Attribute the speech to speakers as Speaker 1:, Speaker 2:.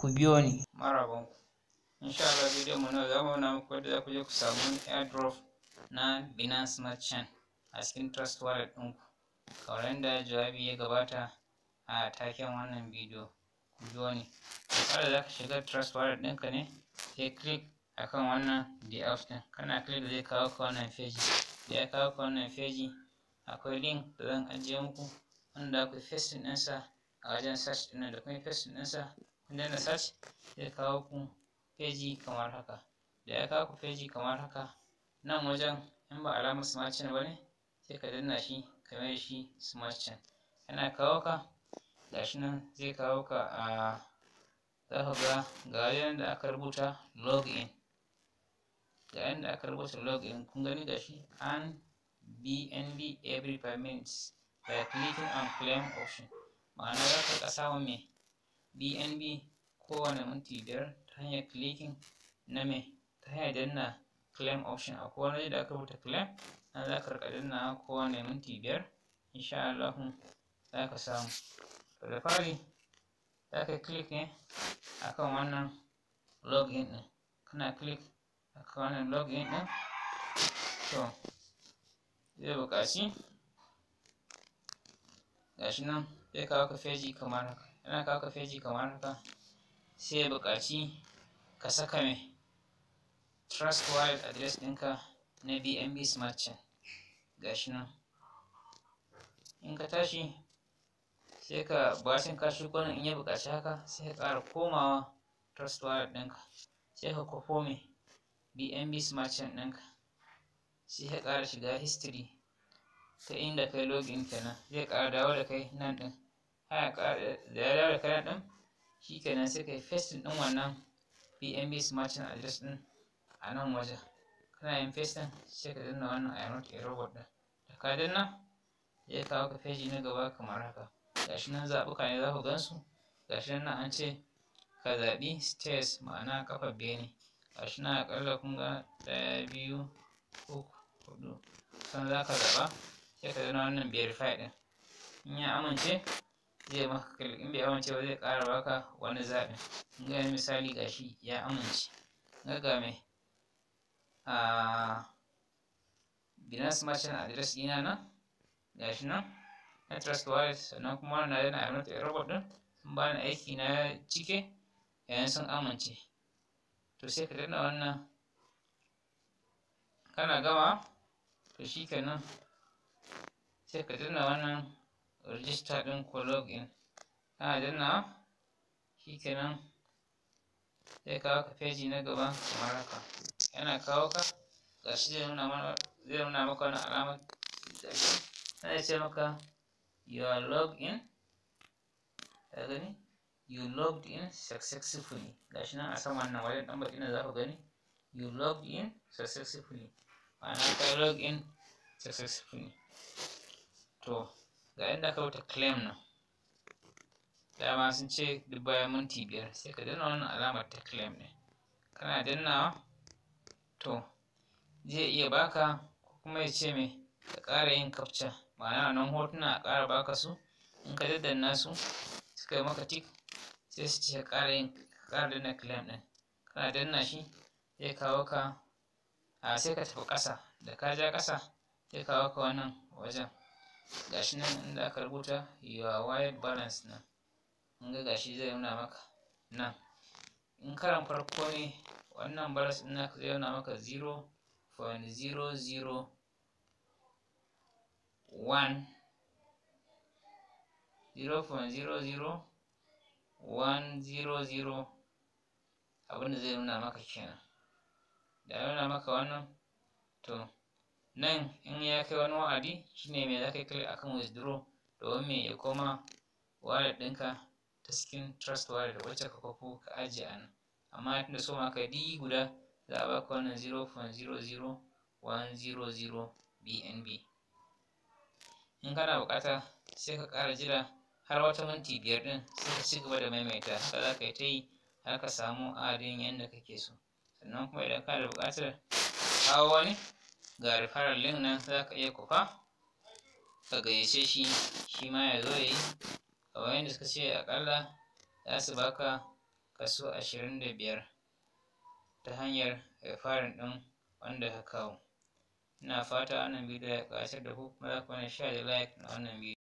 Speaker 1: ku biyo ni marhaban insha Allah bidiyon mu na gaba na muku yadda ku je ku samu airdrop na Binance Smart Chain a cikin Trust Wallet ɗinku kawai da jawabi ya gabata a taken wannan bidiyo ku biyo ni kada za ka shiga Trust Wallet ɗinka ne sai click akan wannan the app ɗin kana click zai kawo ka wannan feji da ya kawo ka wannan feji akwai link da zan ajiye muku wanda akwai facing ɗinsa a wajen search ɗin da kuma facing ɗinsa inda na search zai kawo ku feji kamar haka da ya kawo ku feji kamar haka nan wajen in ba alamar smart chain ba ne sai ka danna shi ka mai shi smart chain yana kawo ka gashi nan zai kawo ka a za ka ga ga da aka rubuta login ga yadda aka rubuta login kun gani gashi an bnb every five minutes by clicking on claim option ma'ana za ka samu me? dnb kowane minti biyar ta hanyar clicking na me ta hanyar danna claim option a kowane da aka rubuta claim nan za ka danna kowane minti biyar insha Allah za ka samu to da fari za ka click ne kan wannan login ɗin kana click kan wannan login ɗin to zai buƙaci gashi nan zai kawo ka feji kamar haka yana kawo ka feji kamar haka sai ya buƙaci ka saka mai trust wallet address ɗinka na bnb smart chain shi nan in ka tashi sai ka bashin kashi kwanan in ya buƙaci haka sai ka ƙara komawa trust wallet ɗinka sai ka kofo mai bnb smart chain ɗinka sai ka ƙara shiga history ta inda kai login kenan zai ƙara dawo da kai nan ɗin kana ƙara da ya dawo da karan ɗin shi kenan sai ka yi festin ɗin wannan pmb smart chain address ɗin a nan waje kana yin festin sai ka danna wannan i not a robot ɗin da ka danna zai kawo ka feji na gaba kamar haka gashi nan zaɓuka ne za ku gansu gashi nan an ce ka zaɓi stairs ma'ana kafa bene gashi nan aƙalla kun ga ɗaya biyu uku huɗu kan za ka zaɓa sai ka zana wannan verify ɗin in ya amince zai maka click in bai amince ba zai ƙara baka wani zaɓin ga misali gashi ya amince ga me a Binance merchant address ɗina nan gashi nan na trust wallet sannan kuma na yana amince da robot din, sun bani aiki na cike yayin sun amince to sai ka dana wannan kana gama to shi kenan sai ka dana wannan register ɗin ku login kana shi shikenan zai kawo ka feji na gaba kamar haka yana kawo ka ga zai nuna zai nuna maka wani alamar gashi zai ce maka you are logged in ka gani you logged in successfully shi nan a saman nan wajen ɗan baƙi na za ku gani you logged in successfully ma'ana ka log in successfully to ga yadda aka wuta claim nan dama sun ce duk bayan minti biyar sai ka danna wannan alamar ta claim ne kana dannawa to zai iya baka Ko kuma ya ce me ka ƙara yin captcha ma'ana nan hotuna a ƙara baka su in ka daddanna su suka yi maka tik sai su ce ƙara yin ƙara danna claim ɗin kana danna shi zai kawo ka a sai ka tafi ƙasa da ka ja ƙasa zai kawo ka wannan wajen gashi nan inda aka rubuta your wire balance nan in ga gashi zai nuna maka nan in karan farko ne wannan balance ɗin naka zai nuna maka 0.001 0.00100 abinda zai nuna maka kenan da nuna maka wannan to nan in ya kai wani wa'adi shine mai zaka ka a kan akan withdraw domin me ya koma wallet ɗinka ta cikin trust wallet wacce ka kofo ka ajiye a nan amma tunda so ma ka di guda za a baka wannan 0.00100 BNB in kana bukata sai ka kara jira har wata minti biyar ɗin sai ka ci gaba da maimaita sai za ka yi ta yi har ka samu adadin yadda kake so sannan kuma idan kana da buƙatar kawo wani ga referral link nan za ka iya kufa ka gayyace shi shi ma ya zo yi wayan da suka ce akalla za su baka kaso ashirin da biyar ta hanyar referral ɗin wanda ka kawo ina fata wannan bidiyo ya ƙayatar da ku kuma za ku sha da like na wannan bidiyo